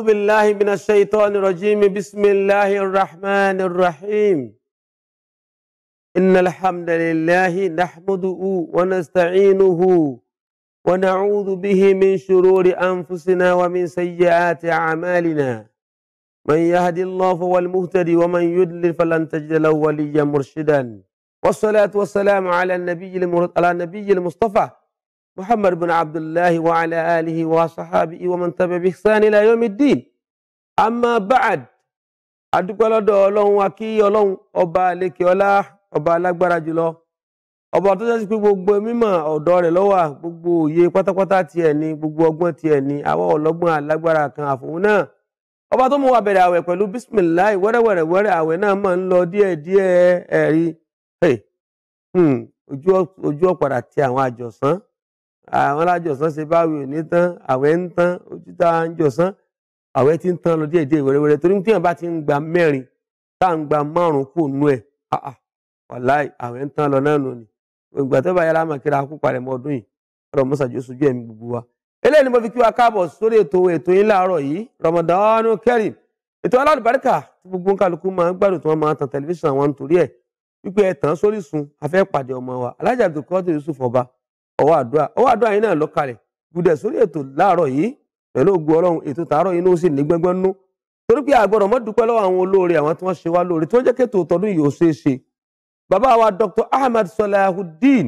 أعوذ بالله من الشيطان الرجيم بسم الله الرحمن الرحيم إن الحمد لله نحمده ونستعينه ونعوذ به من شرور أنفسنا ومن سيئات أعمالنا من يهد الله فهو المهتدي ومن يضلل فلن تجد له وليا مرشدا والصلاة والسلام على النبي على النبي المصطفى محمد بن عبد الله وعلى آله وصحابه ومن تبع بإحسان إلى يوم الدين أما بعد adúpẹ́ lọ́dọ̀ ọlọ́run wa kí ọlọ́run ọba àlekè ọba alágbára ọba tó jásí pé gbogbo mímọ̀ ọ̀dọ̀ rẹ̀ gbogbo òye pátápátá tiẹ̀ ni gbogbo ọgbọ́n tiẹ̀ ni àwa ọlọ́gbọ́n alágbára kan àfòun náà ọba tó mú wa hmm, ti àwọn àwọn alájọsán ṣe báwí ò ní tán àwẹ̀ ń tán ojú tá à ń jọsán àwẹ̀ ti ń tán lọ díẹ̀ díẹ̀ wẹ́rẹ́wẹ́rẹ́ torí tí èèyàn bá ti ń gba mẹ́rin tá à ń gba márùn kù nú ẹ̀ wàláì àwẹ̀ ń tán lọ náà nù ni ìgbà tó bá yára màkìrà kú parẹ́ mọ́ ọdún yìí ọ̀rọ̀ mọ́sàájú sojú ẹ̀mí gbogbo wa. eléyìí ni mo fi kí wa káàbọ̀ sórí ètò ètò yín láàárọ̀ yìí Ramadan Kareem ètò alálùbáríkà tí gbogbo kálukú máa ń gbádùn tí wọ́n máa tan tẹlifíṣàn àwọn nítorí ẹ̀ wípé ẹ̀ tán sórísun afẹ́ pàdé ọmọ wa Alhaji Abdulkadir Yusuf Ọba ọwọ́ àdúrà ọwọ́ àdúrà yìí náà lọ kalẹ̀ gùdẹ̀ sórí ètò láàárọ̀ yìí pẹ̀lú ògùn ọlọ́run ètò tààrọ̀ yìí ló sì ní gbẹ́ngbẹ́ nú torí pé àgbọ̀dọ̀ mọ́ dúpẹ́ lọ́wọ́ àwọn olóore àwọn tí wọ́n ṣe wá lóore tí wọ́n jẹ́ kéètò tọdún yìí ó ṣeé ṣe bàbá wa Dr. Ahmad Salahuddin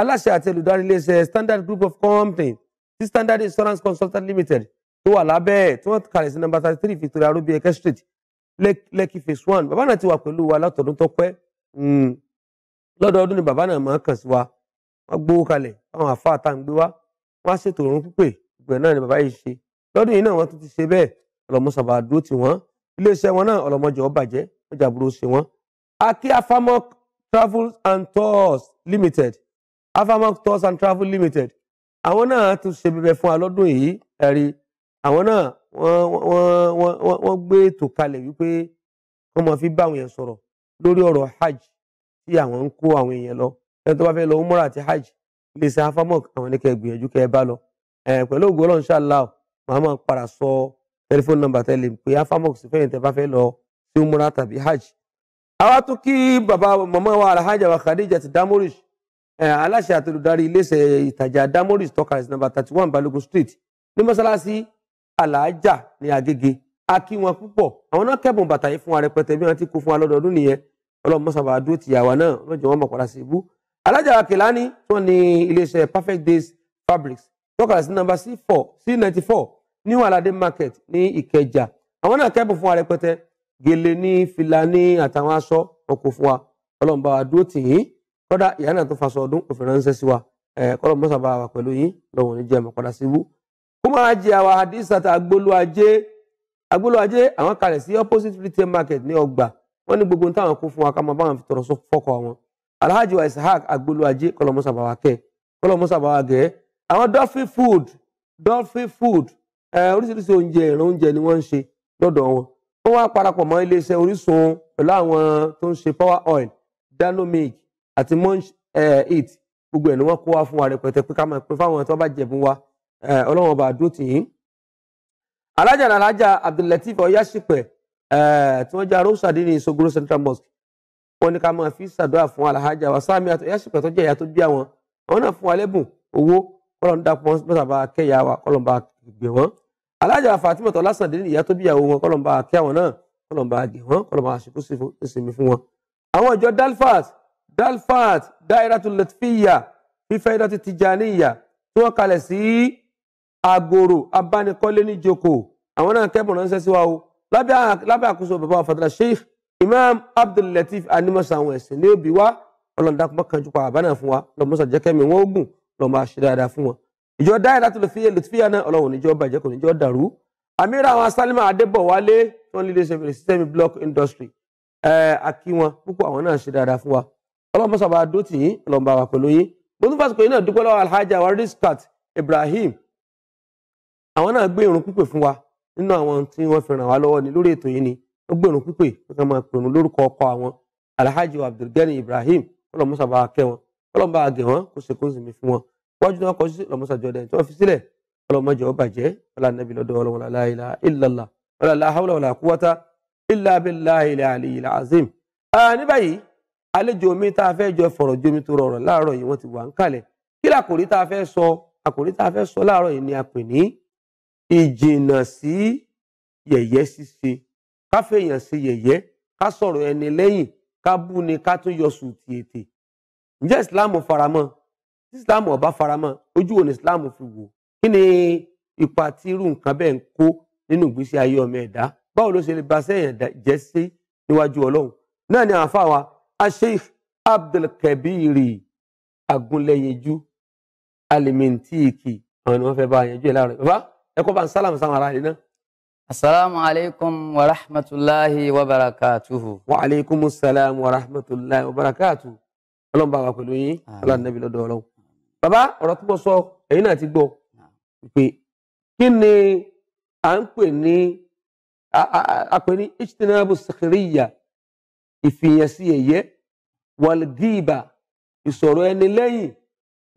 aláṣẹ àti olùdarí iléeṣẹ́ Standard Group of Companies ti Standard Insurance Consultant Limited tó wà lábẹ́ ẹ̀ tí wọ́n kalẹ̀ sí number thirty three Victoria Rubieke Street Lekki phase one bàbá náà ti wà pẹ̀lú wa látọ̀dún tó pẹ́ hmm. lọ́dọọdún ni bàbá náà máa kàn sí wa wọ́n gbowó kalẹ̀ àwọn àfáà tá à ń gbé wá wọ́n á ṣètò òórùn pípé ìgbẹ́ náà ni bàbá yìí ṣe lọ́dún yìí náà wọ́n tún ti ṣe bẹ́ẹ̀ ọlọ́mọsàbà dúró tì wọ́n iléeṣẹ́ wọn náà ọlọ́mọjọ bàjẹ́ wọ́n jàbúrò ṣe wọ́n. àti afamok travels and tours limited afamok tours and travels limited àwọn náà tún ṣe bẹbẹ fún wa lọ́dún yìí ẹ̀rí àwọn náà wọ́n gbé ètò kalẹ̀ wípé wọ́n máa fi bá àwọn èèyàn sọ̀rọ̀ lórí ọ̀rọ̀ hajj tí àwọn ń kó àwọn èèyàn lọ ẹni tó bá fẹ́ lọ umra àti hajj ilé iṣẹ́ afamok àwọn ní kẹ́ gbìyànjú kẹ́ ẹ bá lọ pẹ̀lú ògùn ọlọ́run ṣáàlá o màá máa padà sọ tẹlifóònù nọ́mbà tẹ́lẹ̀ pé afamok sì fẹ́yìn tẹ́ bá fẹ́ lọ sí umra tàbí hajj. àwa tún kí bàbá màmá wa alhaja wa khadija ti damorish aláṣẹ àtolùdarí iléeṣẹ́ ìtajà damorish tọkàrẹsì nọ́mbà thirty one balogun street ní mọ́sálásí alhaja ní agége a kí wọn púpọ̀ àwọn náà kẹ́bùn bàtà yìí fún wa rẹpẹtẹ bí wọ́n ti kó fún wa lọ́dọọdún nìyẹn ọlọ́run mọ́sàbà dúró tìyàwó náà lọ́jọ́ wọn mọ̀ padà sí ibú alájà kìláni tí wọ́n ní iléeṣẹ́ perfect days fabrics tọ́kàlá sí nọ́mbà c four c ninety four new alade market ní ìkẹjà àwọn náà kẹ́bùn fún wa rẹpẹtẹ gèlè ní fìlà ní àtàwọn aṣọ wọn kò fún wa ọlọ́run bá wa dúró tì yín kọ́dà ìyá náà tó faṣọ ọdún kò fi sí wa kọ́lọ̀ mọ́sà bá wa pẹ̀lú yín lọ́wọ́ ní jẹ́ àmọ̀padà sí wú. kó máa jẹ àwọn àdìsàtà agbolo ajé agbolo ajé àwọn kalẹ̀ sí opposite retail market ní ọgbà wọ́n ní gbogbo táwọn kó fún wa ká máa bá wọn fi tọrọ fọ́kọ̀ àwọn alhaji wa ishaq agboluwaje kọlọmọsà bàwà kẹ kọlọmọsà bàwà gẹ àwọn dolphin food dolphin food oríṣiríṣi oúnjẹ ìran oúnjẹ ni wọ́n ń ṣe lọ́dọ̀ wọn wọ́n wá parapọ̀ mọ́ iléeṣẹ́ orísun pẹ̀lú àwọn tó ń ṣe power oil danomic àti munch eat gbogbo ẹ̀ ni wọ́n kó wá fún wa rẹpẹtẹ pé ká máa pín fáwọn tó bá jẹ̀bùn wa ọlọ́run ọba àdó tì alájà nàlájà abdullateef ọyáṣípẹ̀ tí wọ́n jẹ́ arósàdé ní central mosque wọ́n ní ká máa fi ṣàdúrà fún alahajà wa sáàmì àti yasipẹ tó jẹ ìyá tó bí àwọn àwọn náà fún wa lẹ́bùn owó kọlọn dàpọ mọta bá kẹyà wa kọlọn bá gbẹ wọn alahajà wa Fatima tó lásán dé ní ìyá tó bí ìyàwó wọn kọlọn bá kẹ àwọn náà kọlọn bá gẹ wọn kọlọn bá ṣètò ìsinmi fún wọn. àwọn ìjọ Dalfat Dalfat Dairatu Latfiya Fifidati Tijaniya tí wọ́n kalẹ̀ sí Sheikh imam abdul latif animasa àwọn ẹ̀sìn ní òbí wa ọlọ́run dákúmọ́ kanjú pa àbá náà fún wa lọ́mọ́sà jẹ́kẹ́mi wọn ó gùn lọ́ máa ṣe dáadáa fún wọn. ìjọ Dahiratu Lutfiyya Lutfiyya náà ọlọ́run níjọ́ bàjẹ́ kò níjọ́ dàrú. amira àwọn asálímà adébọ̀wálé tó ń líle ṣe fèrè sísẹ́mi block industry ẹ̀ àkí wọn púpọ̀ àwọn náà ṣe dáadáa fún wa. ọlọ́mọ́sà bá dó tì yín ọlọ́run bá wà pẹ̀lú yín. mo fásitì pé náà dúpẹ́ lọ́wọ́ alhaja wa Rizqat Ibrahim àwọn náà gbé irun pípè fún wa nínú àwọn tí wọ́n fi ràn wá lọ́wọ́ ní lórí ètò yìí ni gbèrún pípé wọn máa pèrún lórúkọ ọkọ àwọn alhaji abdulgani ibrahim wọn lọ mọsàbà kẹ wọn wọn lọ bá a gẹ wọn kó ṣe kó ń sinmi fún wọn wájú náà kọ sí lọmọsàjọ dẹni tí wọn fi sílẹ̀ ọlọmọjọ ọbàjẹ ọlànàbí lọ́dọ̀ ọlọmọ aláìlá ìlàlá ọlọlá hawla wàlà kúwọta ìlàbílà ilẹ àlìyìlà azim. ní báyìí àlejò mi tá a fẹ́ jọ fọ̀rọ̀ jomi tó rọrọ̀ láàárọ̀ yìí wọ́n ti ká fèèyàn ṣe yẹ̀yẹ́ ká sọ̀rọ̀ ẹni lẹ́yìn ká bú ni ká tún yọ sùtì ètè ǹjẹ́ islam faramọ́ tí islam ọba faramọ́ ojú wo ni islam fi wò kí ni ipa tí irú nǹkan bẹ́ẹ̀ ń kó nínú ìgbésí ayé ọmọ ẹ̀dá báwo ló ṣe lè ba sẹ́yìn jẹ́ sí níwájú ọlọ́run náà ni àáfà wa asheikh abdulkabiri agunlẹyinjú alimintiki àwọn ni wọ́n fẹ́ bá yanjú ẹ̀ láàrin bàbá ẹ kọ́ bá ń sálàmù sáwọn ará rẹ̀ náà. Assalamu alaikum wa rahmatullahi wa barakatuhu. Wa alaikum assalam wa rahmatullahi wa barakatuhu. Ọlọ́run bá wa pẹ̀lú yín, ọlọ́run nàbí lọ́dọ̀ ọlọ́run. Bàbá ọ̀rọ̀ tí mo sọ, ẹ̀yin náà ti gbọ́. Pé kí ni à ń pè ní àpè ní Ijtinabu Sakhiriya, ìfìyànsí ẹ̀yẹ, Walgiba, ìsọ̀rọ̀ ẹni lẹ́yìn,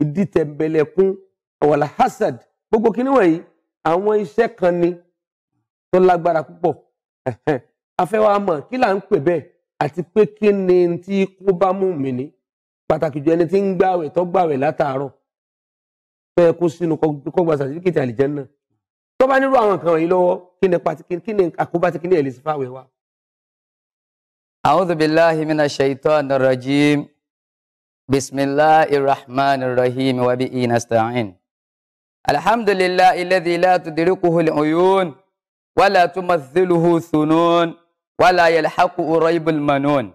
ìdítẹ̀mbẹ̀lẹ̀kún, Wal gbogbo kí ni wọ̀nyí, àwọn iṣẹ́ kan ni tó lágbára púpọ̀ a fẹ́ wá mọ̀ kí là ń pè bẹ́ẹ̀ àti pé kí ni tí kó bá mú mi ní pàtàkì jù ẹni tí ń gbàwẹ̀ tó gbàwẹ̀ látàárọ̀ fẹ́ kó sínú kọ́gbà sàtífíkẹ̀tì àlìjẹ́nnà tó bá nírú àwọn nǹkan wọ̀nyí lọ́wọ́ kí ni pàtí kí ni àkóbá ti kí ni ẹ̀lẹ́sì fáwẹ̀ wa. a'udhu billahi minash shaitani rajim bismillahir rahmanir rahim wa bihi nasta'in alhamdulillahi alladhi la tudrikuhu al-uyun. ولا تمثله ثنون ولا يلحق ريب المنون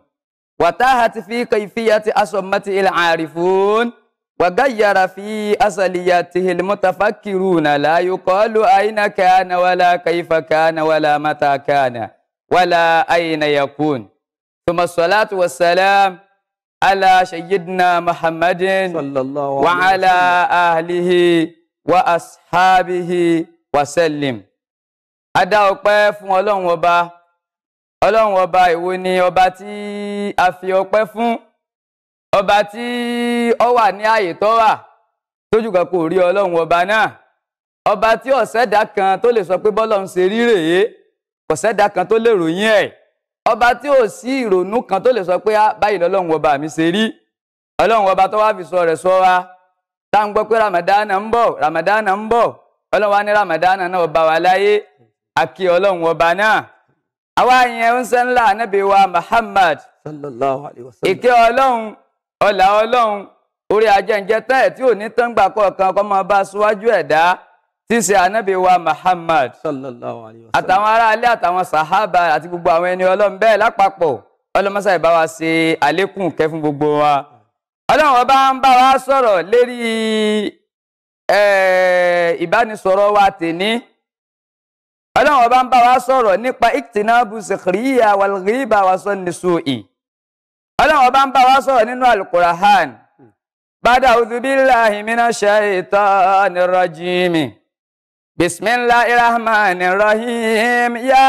وتاهت في كيفية أصمته العارفون وغير في أصلياته المتفكرون لا يقال أين كان ولا كيف كان ولا متى كان ولا أين يكون ثم الصلاة والسلام على سيدنا محمد صلى الله عليه وعلى آله وأصحابه وسلم a ọpẹ fún ọlọ́run ọba ọlọ́run ọba ìwo ni ọba tí a fi ọpẹ fún ọba tí ọ wà ní ààyè tó wà tójú kan kò rí ọlọ́run ọba náà ọba tí ọ̀sẹ́dá kan tó lè sọ pé bọ́lọ́run ṣe rí rèé ọ̀sẹ́dá kan tó lè ròyìn ẹ̀ ọba tí ò sí ìrònú kan tó lè sọ pé báyìí lọ́lọ́run ọba mi ṣe rí ọlọ́run ọba tó wá fi sọ rẹ̀ sọ wa tá à pé ramadana ń bọ̀ ramadana ń bọ̀ ọlọ́run wa ní ramadana náà ọba wa láyé àkí ọlọ́run ọba náà àwa yẹn ń sẹ́ ńlá ànábì wa Muhammad sallallahu alayhi wa sallam ìkẹ́ ọlọ́run ọlà ọlọ́run orí ajẹ́njẹ́ tán ẹ̀ tí ò ní tán gbà kọ̀ọ̀kan kọ́ máa bá síwájú ẹ̀dá tí ṣe ànábì wa Muhammad àtàwọn aráalé àtàwọn sàhábà àti gbogbo àwọn ẹni ọlọ́run bẹ́ẹ̀ lápapọ̀ ọlọ́mọṣà ìbá wa ṣe àlékún kẹ́ fún gbogbo wa ọlọ́run ọba ń bá wa sọ̀rọ̀ lérí ìbánisọ̀rọ̀ wa tèní ọlọ́run ọba ń bá wa sọ̀rọ̀ nípa ìtìnábù sèkìríyà wàlgìbà wàsọ̀nìṣòì ọlọ́run ọba ń bá wa sọ̀rọ̀ nínú alukurahan bàdà ọdúbíláhi mina ṣayitani rajimi bisimilahi rahmani rahim ya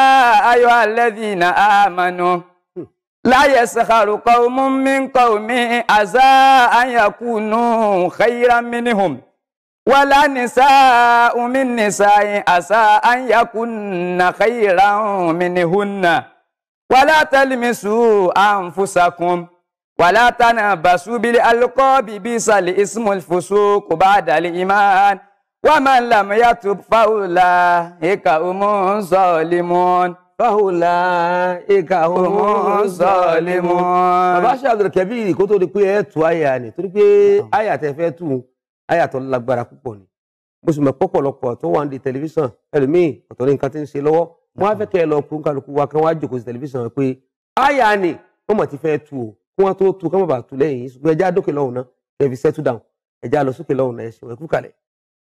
ayo alẹ́dìínà amanu láyé sèkàrù kọ́ mú mi kọ́ mi àzá àyàkùnú xeyíra minihum wala nisa min nisa'in asa an yakunna khayran minhunna wala talmisu anfusakum wala tanabasu bil alqabi bisal ismul fusuq ba'da al iman wa man lam yatub faula ika umun zalimun faula ika umun zalimun baba Abdul Kabir kó tó di pé ẹ tú àyà ni torí pé àyà tẹ fẹ́ tú àyà tó lágbára púpọ̀ ni mo sì mọ̀ pọ̀pọ̀lọpọ̀ tó wà ní tẹlifíṣàn ẹlòmíì ọ̀tọ̀ ní nǹkan tí ń ṣe lọ́wọ́ wọn á fẹ́ kẹ́ ẹ lọ kún kálukú wa kí wọ́n á jòkó sí tẹlifíṣàn pé àyà ni wọ́n mọ̀ ti fẹ́ tu o kí wọ́n tó tu kí wọ́n bàa tu lẹ́yìn ṣùgbọ́n ẹja dókè lọ́hùn náà down ẹja lọ sókè lọ́hùn náà ẹ ṣeun ẹ kú kalẹ̀.